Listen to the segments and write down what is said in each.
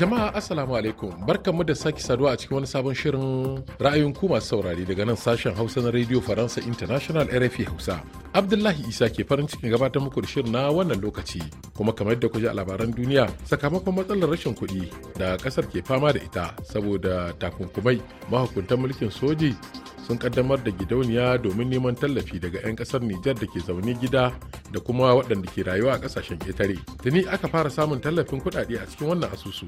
Jama'a Assalamu alaikum barkanmu da sake saduwa a cikin wani sabon shirin ra'ayin ku masu saurari daga nan sashen Hausa na Radio Faransa International RFI Hausa. Abdullahi Isa ke farin cikin gabatar muku da shirin na wannan lokaci kuma kamar yadda ku ji a labaran duniya sakamakon matsalar rashin kuɗi da ƙasar ke fama da ita saboda takunkumai mahukuntan mulkin soji sun kaddamar da gidauniya domin neman tallafi daga 'yan kasar Nijar da ke zaune gida da kuma waɗanda ke rayuwa a ƙasashen ƙetare. Tuni aka fara samun tallafin kuɗaɗe a cikin wannan asusu.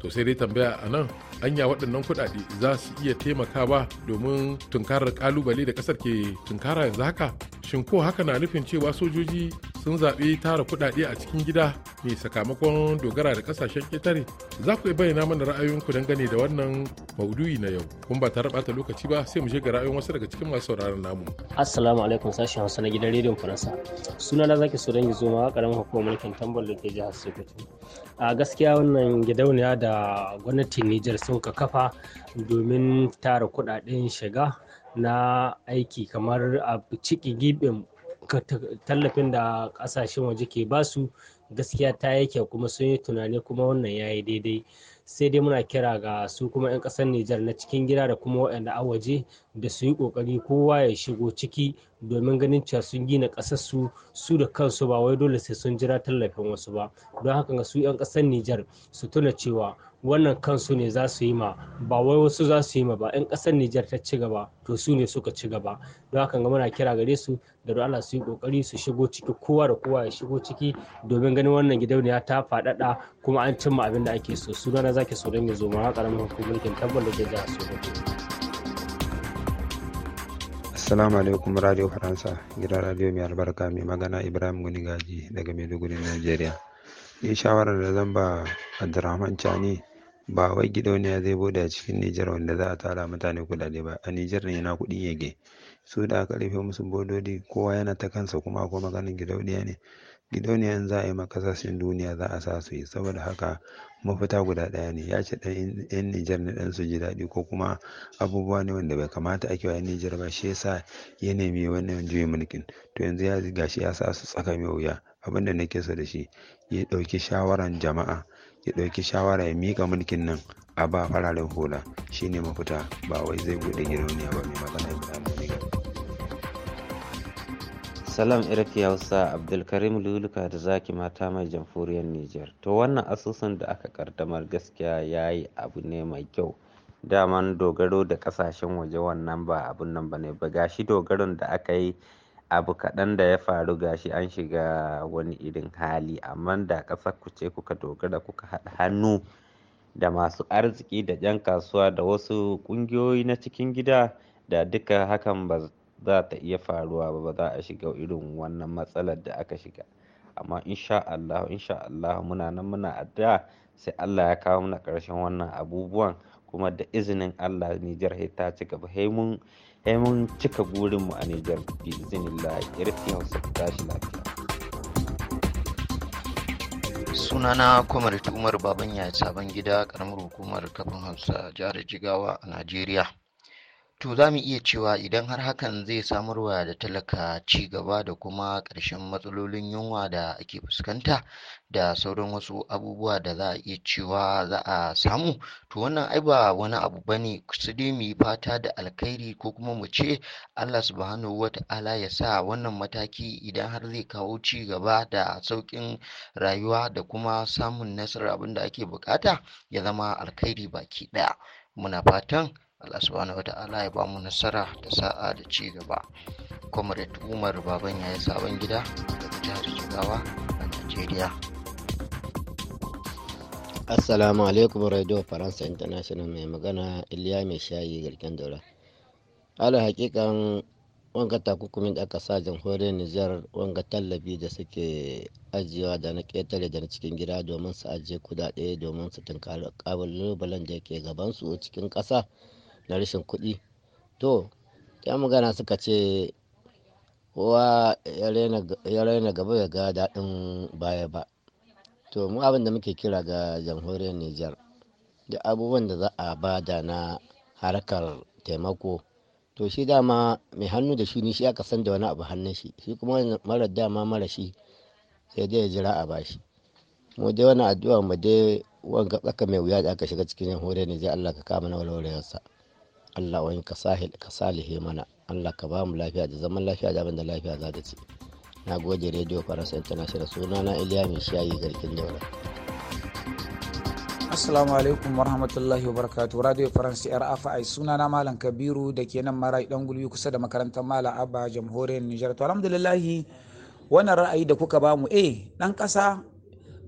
To sai dai tambaya a nan anya waɗannan kuɗaɗe za su iya taimakawa domin tunkarar kalubale da ƙasar ke tunkara yanzu haka? Shin ko haka na nufin cewa sojoji sun zaɓi tara kuɗaɗe a cikin gida mai sakamakon dogara da kasashen ƙetare za ku bayyana mana ra'ayoyinku dangane da wannan maudu'i na yau kun ba tare bata lokaci ba sai mu je ga ra'ayoyin wasu daga cikin masu sauraron namu assalamu alaikum sashen hausa na gidan rediyon faransa suna na zaki so dangi zo ma karamin hukumar mulkin tambal da ke jihar sokoto a gaskiya wannan gidauniya da gwamnatin niger sun ka kafa domin tara kuɗaɗen shiga na aiki kamar a ciki gibin tallafin da kasashen waje ke basu gaskiya ta yake kuma sun yi tunani kuma wannan ya yi daidai sai dai muna kira ga su kuma 'yan ƙasar Nijar na cikin gida da kuma waɗanda a waje da su yi ƙoƙari kowa ya shigo ciki domin ganin cewa sun gina ƙasar su su da kansu ba wai dole sai sun jira tallafin wasu ba don haka ga su 'yan ƙasar Nijar su tuna cewa wannan kansu ne za su yi ma ba wai wasu za su yi ma ba 'yan ƙasar Nijar ta ci gaba to su ne suka ci gaba don haka ga muna kira gare su da don Allah su yi kokari su shigo ciki kowa da kowa ya shigo ciki domin ganin wannan gidauniya ta faɗaɗa kuma an cimma abin da ake so su na zaki so don ya zo ma ƙaramin hukumar tabbar da ke su Sokoto. Assalamu alaikum Radio Faransa, gidan radio mai albarka mai magana Ibrahim Gunigaji daga Maiduguri, Najeriya. in shawarar da zan ba Abdulrahman Chani ba wai gidauniya zai bude a cikin Nijar wanda za a tara mutane kudade ba a Nijar ne yana kuɗi yake su da aka rufe musu bododi kowa yana ta kansa kuma akwai maganin gidauniya ne gidauniya in za a yi ma kasashen duniya za a sa su yi saboda haka mafita guda ɗaya ne ya ce 'dan yan Nijar ne dan su ji daɗi ko kuma abubuwa ne wanda bai kamata ake wa yan Nijar ba shi yasa ya nemi wannan juyin mulkin to yanzu ya gashi ya sa su tsaka mai wuya abinda nake so da shi ya dauki shawaran jama'a ya ɗauki shawara ya miƙa mulkin nan a ba fararen hula shine mafita ba wai zai buɗe gidauniya ba mai magana ibrahim salam irki hausa abdulkarim luluka da zaki mata mai jamhuriyar niger to wannan asusun da aka ƙaddamar gaskiya ya yi abu ne mai kyau daman dogaro da kasashen waje wannan ba abun nan ba ne ba gashi dogaron da aka yi abu kaɗan da ya faru gashi an shiga wani irin hali amma da ƙasar ku ce kuka dogara kuka haɗa hannu da masu arziki da 'yan kasuwa da wasu ƙungiyoyi na cikin gida da duka hakan ba za ta iya faruwa ba za a shiga irin wannan matsalar da aka shiga amma insha Allah insha Allah muna nan muna addu'a sai Allah ya kawo mana ƙarshen wannan abubuwan kuma da izinin Allah Nijar sai ta ci gaba haimun cika gurin a Nijar bi izinillah irfi Hausa tashi lafiya sunana kwamar umar baban ya sabon gida karamar hukumar kafin hausa jihar jigawa a najeriya To za mu iya cewa idan har hakan zai samarwa da talaka ci gaba da kuma ƙarshen matsalolin yunwa da ake fuskanta da sauran wasu abubuwa da za a iya cewa za a samu to wannan ai ba wani abu ba ne su dai mu yi fata da alkhairi ko kuma mu ce Allah subhanahu wa ta'ala ya sa wannan mataki idan har zai kawo ci gaba da sauƙin rayuwa da kuma samun nasarar abin da ake buƙata ya zama alkhairi baki ɗaya. Muna fatan Allah subhanahu wata'ala ya ba mu nasara da sa'a da ci gaba comrade umar baban yayi sabon gida daga jihar jigawa a najeriya assalamu alaikum radio faransa international mai magana iliya mai shayi garken daura ala hakikan wanga takunkumin da aka sa jamhuriyar Nijar wanga tallabi da suke ajiyewa da na ƙetare da na cikin gida domin su ajiye kudade domin su tunkari ƙalubalen da yake gabansu cikin ƙasa na rashin kuɗi to ya magana suka ce kowa ya raina gaba ya ga daɗin baya ba to mu abin da muke kira ga jamhuriyar niger da abubuwan da za a bada na harkar taimako to shi dama mai hannu da shi ni shi aka san da wani abu hannun shi shi kuma mara dama mara shi sai dai ya jira a bashi mu dai wani addu'a mu dai wanga tsaka mai wuya da aka shiga cikin jamhuriyar Nijar Allah ka kama na walwalarsa Allah wani ka sahil ka salihe mana Allah ka ba mu lafiya da zaman lafiya da abinda lafiya za ta ci na gode radio faransa international suna na iliya mai shayi garkin daura assalamu alaikum warahmatullahi wabarakatuh radio faransa yar afa'i suna na malam kabiru da ke nan marai dan gulbi kusa da makarantar malam abba jamhuriyar nijar to alhamdulillahi wannan ra'ayi da kuka bamu eh dan kasa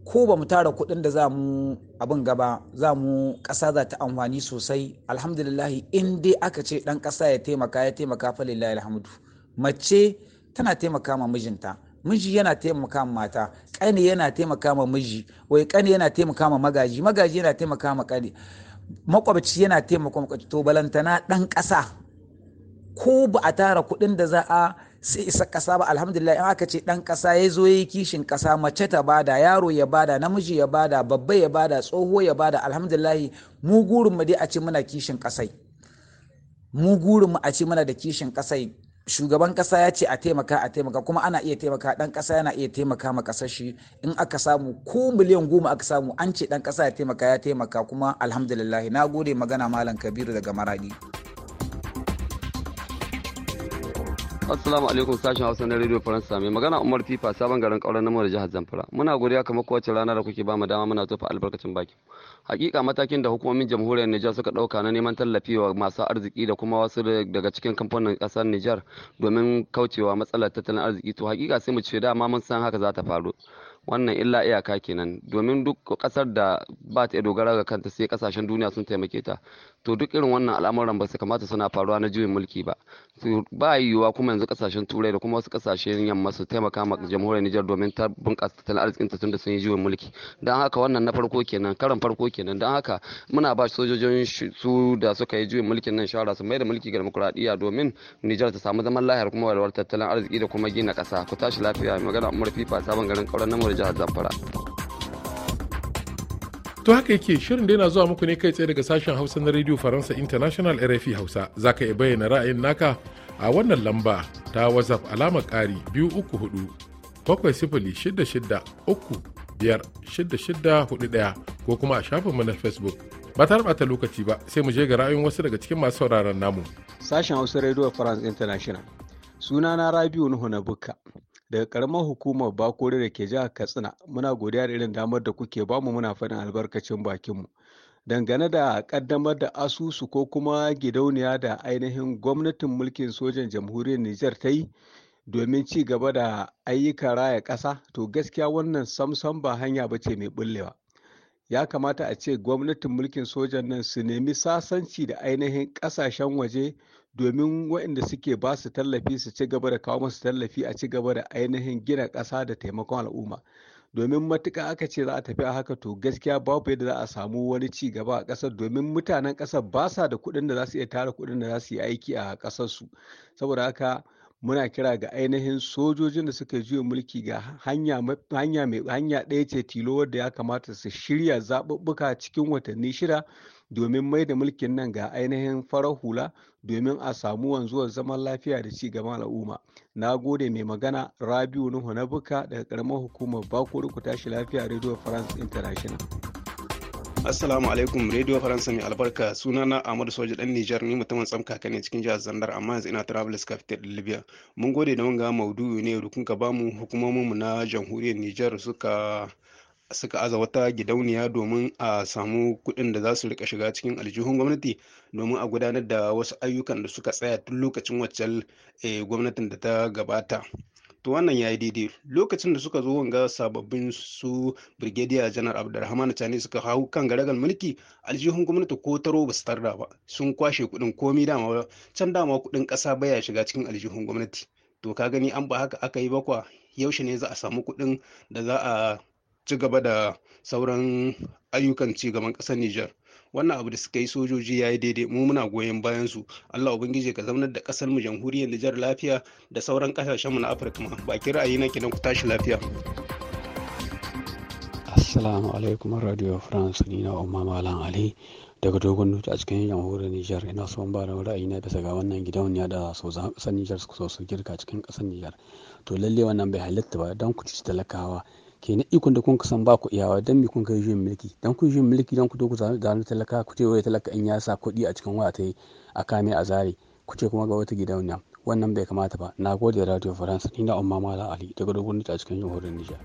ko ba mu tara kuɗin da za mu abin gaba za mu ƙasa za ta amfani sosai alhamdulillahi in dai aka ce ɗan ƙasa ya taimaka ya taimaka fa lillahi alhamdu mace tana taimaka ma mijinta miji yana taimaka ma mata ƙani yana taimaka ma miji wai ƙani yana taimaka ma magaji magaji yana taimaka ma ƙani makwabci yana taimaka makwabci to balantana ɗan ƙasa ko ba a tara kuɗin da za a sai isa ƙasa ba alhamdulillah in aka ce dan ƙasa ya zo ya yi kishin kasa mace ta bada yaro ya bada namiji ya bada babba ya bada tsoho ya bada alhamdulillah mu gurin mu dai a ce muna kishin ƙasai mu gurin mu a ce muna da kishin ƙasai shugaban ƙasa ya ce a taimaka a taimaka kuma ana iya taimaka ɗan ƙasa yana iya taimaka ma kasar shi in aka samu ko miliyan goma aka samu an ce ɗan ƙasa ya taimaka ya taimaka kuma alhamdulillah na gode magana malam kabiru daga maradi. Assalamu alaikum sashen Hausa na Radio Faransa mai magana Umar Fifa sabon garin kauran na da jihar Zamfara. Muna godiya kamar kowace rana da kuke bamu dama muna tofa albarkacin baki. Hakika matakin da hukumomin jamhuriyar Nijar suka dauka na neman tallafi wa masu arziki da kuma wasu daga cikin kamfanin kasar Nijar domin kaucewa matsalar tattalin arziki to hakika sai mu ce dama mun san haka za ta faru. wannan illa iyaka kenan domin duk kasar da ba ta dogara ga kanta sai kasashen duniya sun taimake ta to duk irin wannan al'amuran ba su kamata suna faruwa na juyin mulki ba su ba yiwuwa kuma yanzu kasashen turai da kuma wasu kasashen yamma su taimaka ma jamhuriyar Nijar domin ta bunƙasa tattalin arzikin ta tun da sun yi juyin mulki dan haka wannan na farko kenan karan farko kenan dan haka muna ba sojojin su da suka yi juyin mulkin nan shawara su mai da mulki ga demokuraɗiyya domin Nijar ta samu zaman lahiyar kuma walwalar tattalin arziki da kuma gina ƙasa ku tashi lafiya magana Umar Fifa sabon garin kauran namur jihar zamfara to haka yake shirin da na zuwa muku ne kai tsaye daga sashen hausa na radio faransa international rfi hausa za ka iya bayyana ra'ayin naka a wannan lamba ta whatsapp alamar kari biyu uku hudu bakwai sifili shida shida uku biyar shida shida hudu ɗaya ko kuma a shafinmu na facebook ba ta rabata lokaci ba sai mu je ga ra'ayin wasu daga cikin masu sauraron namu sashen hausa radio france international sunana rabiu nuhu na bukka daga karamar hukumar bakore da ke jihar katsina muna godiya da irin damar da kuke bamu muna faɗin albarkacin bakinmu dangane da kaddamar da asusu ko kuma gidauniya da ainihin gwamnatin mulkin sojan jamhuriyar niger ta yi domin ci gaba da ayyukan raya ƙasa to gaskiya wannan samsam ba hanya ba ce mai bullewa ya kamata a ce gwamnatin mulkin sojan nan su nemi sasanci da ainihin kasashen waje domin waɗanda suke ba su tallafi su ci gaba da kawo masu tallafi a ci gaba da ainihin gina ƙasa da taimakon al'umma domin matuka aka ce za a tafi a haka to gaskiya babu yadda za a samu wani ci gaba a ƙasar domin mutanen ƙasar ba sa da kuɗin da za su iya tara kuɗin da za su yi aiki a ƙasarsu saboda haka muna kira ga ainihin sojojin da suka juya mulki ga hanya mai hanya ɗaya ce tilo wadda ya kamata su shirya zaɓuɓɓuka cikin watanni shida domin mai da mulkin nan ga ainihin farar hula domin a samu wanzuwar zaman lafiya da ci gaban al'umma na gode mai magana rabiu nuhu na buka daga karamar hukumar bakuru ku tashi lafiya rediyon france international Assalamu alaikum Radio Faransa mai albarka sunana Ahmadu Soja dan Nijar ne mutumin tsamka ne cikin jihar Zandar amma yanzu ina Travelers Capital Libya. Mun gode da wanga maudu'i ne rukun ka bamu hukumomin mu na jamhuriyar Nijar suka suka aza wata gidauniya domin a samu kuɗin da za su rika shiga cikin aljihun gwamnati domin a gudanar da wasu ayyukan da suka tsaya tun lokacin waccan eh, gwamnatin da ta gabata to wannan ya yi daidai lokacin da suka zo wanga sababbin su birgediya janar abdulrahman tani suka hau kan garagan mulki aljihun gwamnati ko taro ba su tarda ba sun kwashe kuɗin komi dama can dama kuɗin ƙasa baya shiga cikin aljihun gwamnati to ka gani an ba haka aka yi bakwa yaushe ne za a samu kuɗin da za a ci gaba da sauran ayyukan ci gaban ƙasar Nijar. wannan abu da suka yi sojoji ya yi daidai mu muna goyon bayan su allah ubangiji ka zaunar da kasar mu jamhuriyar nijar lafiya da sauran kasashen mu na afirka ma baki ra'ayi na dan ku tashi lafiya assalamu alaikum radio france ni na umma malam ali daga dogon nuta a cikin jamhuriyar Nijar ina so ba da ra'ayina bisa ga wannan gidan gidauniya da sojan kasar Nijar su so su girka cikin kasar Nijar to lalle wannan bai halatta ba dan ku ci talakawa kenan ikon da kun san ba ku iyawa don mikun kun kai juyin mulki don ku juyin mulki dan ku to ku zanu talaka ku ce wai talaka in ya sa kuɗi a cikin wata yi a kame a zare ku ce kuma ga wata gidauniya wannan bai kamata ba na gode radio faransa ina umma mala ali daga dogon a cikin jihohin nijar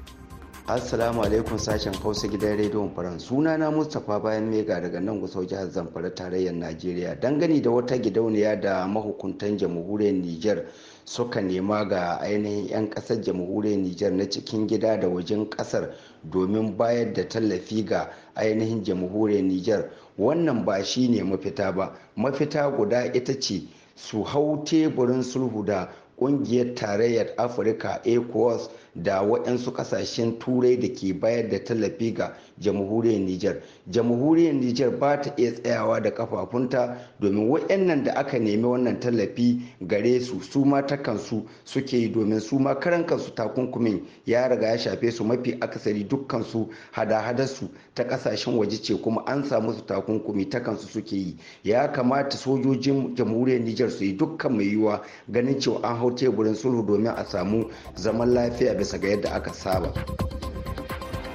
assalamu alaikum sashen hausa gidan rediyon faran suna na mustapha bayan mega daga nan gusau jihar zamfara tarayyar najeriya dangane da wata gidauniya da mahukuntan jamhuriyar niger suka nema ga ainihin 'yan kasar jamhuriyar niger na cikin gida da wajen kasar domin bayar da tallafi ga ainihin jamhuriyar niger wannan ba shi ne mafita ba mafita guda ita ce su hau teburin sulhu da kungiyar tarayyar afirka ecowas da waɗansu kasashen turai da ke bayar da tallafi ga jamhuriyar niger jamhuriyar niger ba ta iya tsayawa da kafafunta domin waɗannan da aka nemi wannan tallafi gare su su ma ta kansu suke yi domin su ma karan kansu takunkumin ya riga ya shafe su mafi akasari dukkansu hada-hadar su ta ƙasashen waje ce kuma an samu su takunkumi ta kansu suke yi ya kamata sojojin jamhuriyar niger su yi dukkan mai yiwuwa ganin cewa an hau teburin sulhu domin a samu zaman lafiya bisa ga yadda aka saba.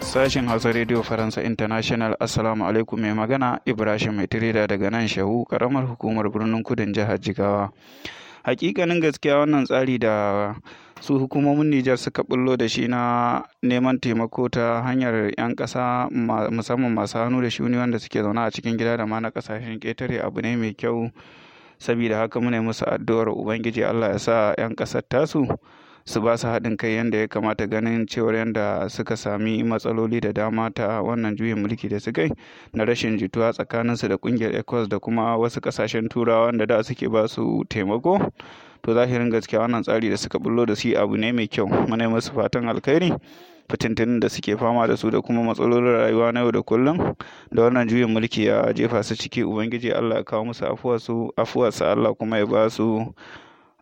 Sashen Hausa Radio Faransa International Assalamu alaikum mai magana Ibrahim Maitirida daga nan shahu karamar hukumar birnin kudin jihar Jigawa. Hakikanin gaskiya wannan tsari da su hukumomin Nijar suka bullo da shi na neman taimako ta hanyar 'yan kasa musamman masu hannu da shuni wanda suke zaune a cikin gida da ma na kasashen ketare abu ne mai kyau. saboda haka muna musu addu'ar ubangiji allah ya sa 'yan ƙasar tasu su ba su haɗin kai yadda ya kamata ganin cewar yadda suka sami matsaloli da dama ta wannan juyin mulki da suka yi na rashin jituwa tsakanin su da ƙungiyar ecos da kuma wasu ƙasashen turawa da da suke ba su taimako to zahirin gaskiya wannan tsari da suka bullo da shi abu ne mai kyau muna musu fatan alkhairi fitintunin da suke fama da su da kuma matsalolin rayuwa na yau da kullum da wannan juyin mulki ya jefa su ciki ubangiji allah ya kawo musu afuwa su allah kuma ya ba su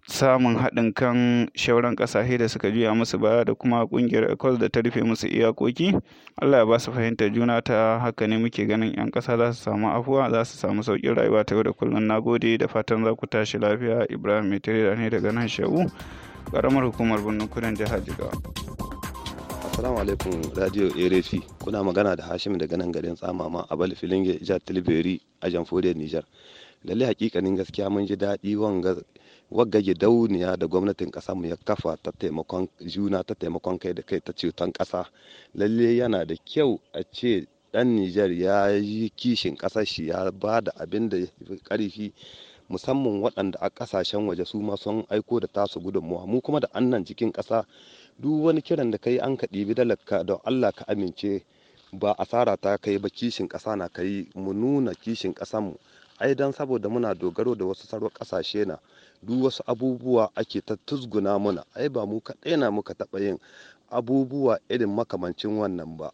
samun haɗin kan shauran ƙasashe da suka juya musu baya da kuma ƙungiyar ecos da ta rufe musu iyakoki allah ya ba su fahimtar juna ta haka ne muke ganin 'yan ƙasa za su samu afuwa za su samu sauƙin rayuwa ta yau da kullum na gode da fatan za ku tashi lafiya ibrahim mai ne daga nan sha'u ƙaramar hukumar birnin kudan jihar jigawa Assalamu alaikum Radio RFI kuna magana da Hashim daga nan garin Tsamama a Bal Filinge Jihar Tilberi a Jamhuriyar Nijar. Lalle hakikanin gaskiya mun ji daɗi wagage dauniya da gwamnatin mu ya kafa ta taimakon juna ta taimakon kai da kai ta ceton ƙasa. Lalle yana da kyau a ce dan Nijar ya yi kishin ƙasar shi ya ba da abin da ya ƙarfi musamman waɗanda a ƙasashen waje su ma sun aiko da tasu gudunmuwa mu kuma da annan cikin ƙasa duk wani kiran da kai an ka ɗibi dalarka don Allah ka amince ba asara ta kai ba kishin ƙasa na kai mu nuna kishin ƙasanmu ai don saboda muna dogaro da wasu sarwa ƙasashe na duk wasu abubuwa ake ta tuzguna muna ai ba mu kaɗai na muka taɓa yin abubuwa irin makamancin wannan ba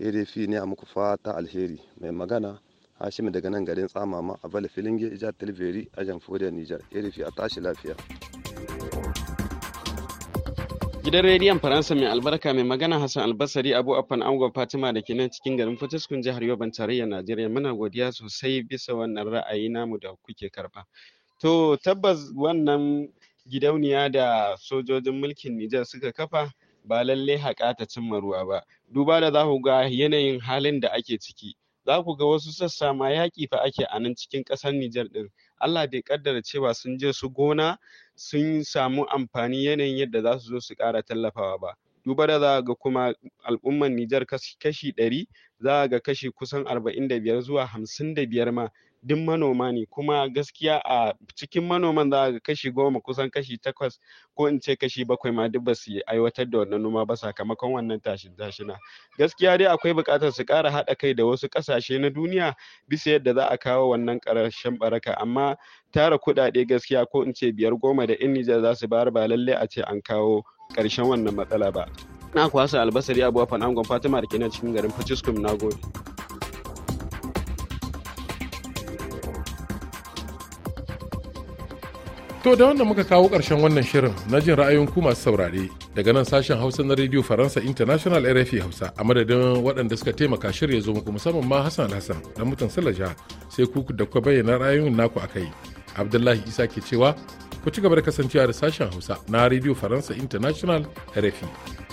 irifi ne a muku fata alheri mai magana hashimu daga nan garin tsamama a bala filin gejiyar tilberi a jamfuriyar nijar irifi a tashi lafiya Gidan rediyon Faransa mai albarka mai magana Hassan Albasari Abu Afan Angon Fatima da ke nan cikin garin Fataskun jihar Yoban tarayyar Najeriya muna godiya sosai bisa wannan ra'ayi namu da kuke karba. To tabbas wannan gidauniya da sojojin mulkin Nijar suka kafa ba lallai haƙa ta cimma ruwa ba. Duba da za ku ga yanayin halin da ake ciki. zaku ga wasu sassa ma yaƙi fa ake a nan cikin ƙasar Nijar ɗin Allah bai ƙaddara cewa sun je su gona sun samu amfani yanayin yadda za su zo su ƙara tallafawa ba duba da za ga kuma al'ummar Nijar kashi ɗari za ga kashi kusan arba'in da biyar zuwa hamsin da biyar ma duk manoma ne kuma gaskiya a cikin manoman za ga kashi goma kusan kashi takwas ko in ce kashi bakwai ma duk ba su aiwatar da wannan noma ba sakamakon wannan tashin tashina gaskiya dai akwai buƙatar su ƙara haɗa kai da wasu ƙasashe na duniya bisa yadda za a kawo wannan ƙarshen baraka amma tara kuɗaɗe gaskiya ko in ce biyar goma da in Nijar za su bayar ba lallai a ce an kawo ƙarshen wannan matsala ba. Na kwasa albasari abuwa faɗan Fatima da ke cikin garin Fatiskum na gode. To da wannan muka kawo ƙarshen wannan shirin na jin ra'ayoyin ku masu saurare daga nan sashen Hausa na Radio Faransa International RFI Hausa a madadin waɗanda suka taimaka shirya zo muku musamman ma Hassan Hassan da mutan Salaja sai ku da kuka bayyana ra'ayoyin naku akai. Abdullahi Isa ke cewa ku ci gaba da kasancewa da sashen Hausa na Radio Faransa International RFI.